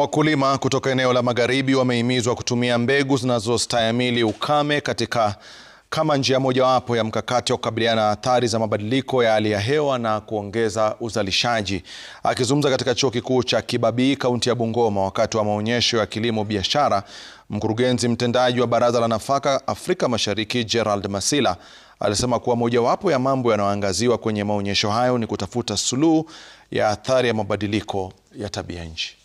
wakulima kutoka eneo la magharibi wamehimizwa kutumia mbegu zinazostahimili ukame katika kama njia mojawapo ya mkakati wa kukabiliana na athari za mabadiliko ya hali ya hewa na kuongeza uzalishaji. Akizungumza katika chuo kikuu cha Kibabii kaunti ya Bungoma wakati wa maonyesho ya kilimo biashara, mkurugenzi mtendaji wa Baraza la Nafaka Afrika Mashariki Gerald Masila alisema kuwa mojawapo ya mambo yanayoangaziwa kwenye maonyesho hayo ni kutafuta suluhu ya athari ya mabadiliko ya tabia nchi.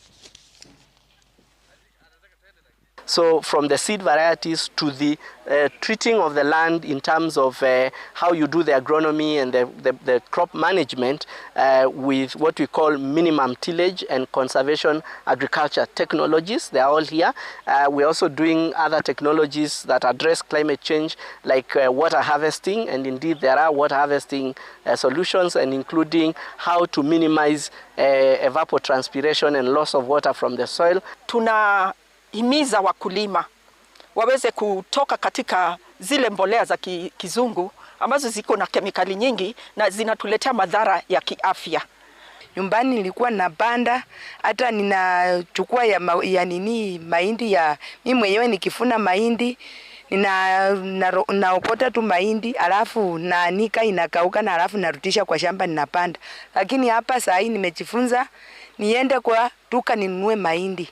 So from the seed varieties to the uh, treating of the land in terms of uh, how you do the agronomy and the, the, the crop management uh, with what we call minimum tillage and conservation agriculture technologies. They are all here. Uh, we're also doing other technologies that address climate change like uh, water harvesting and indeed there are water harvesting uh, solutions and including how to minimize evapotranspiration and loss of water from the soil. Tuna himiza wakulima waweze kutoka katika zile mbolea za kizungu ambazo ziko na kemikali nyingi na zinatuletea madhara ya kiafya. Nyumbani nilikuwa na banda, hata ninachukua ya, ma, ya nini mahindi ya mimi mwenyewe nikifuna mahindi nina na, naokota tu mahindi alafu naanika inakauka, na alafu narutisha kwa shamba ninapanda. Lakini hapa saa hii nimejifunza niende kwa duka ninunue mahindi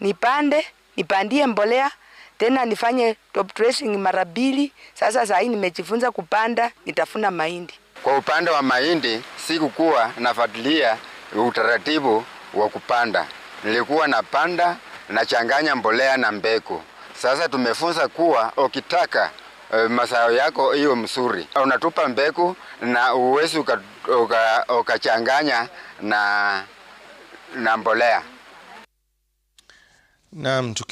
nipande, nipandie mbolea tena nifanye top dressing mara mbili. Sasa saa hii nimejifunza kupanda, nitafuna mahindi. Kwa upande wa mahindi sikukuwa nafuatilia utaratibu wa kupanda, nilikuwa napanda nachanganya mbolea na mbegu. Sasa tumefunza kuwa ukitaka e, mazao yako iyo mzuri, unatupa mbegu na uwezi ukachanganya uka, uka na, na mbolea. Naam, tuki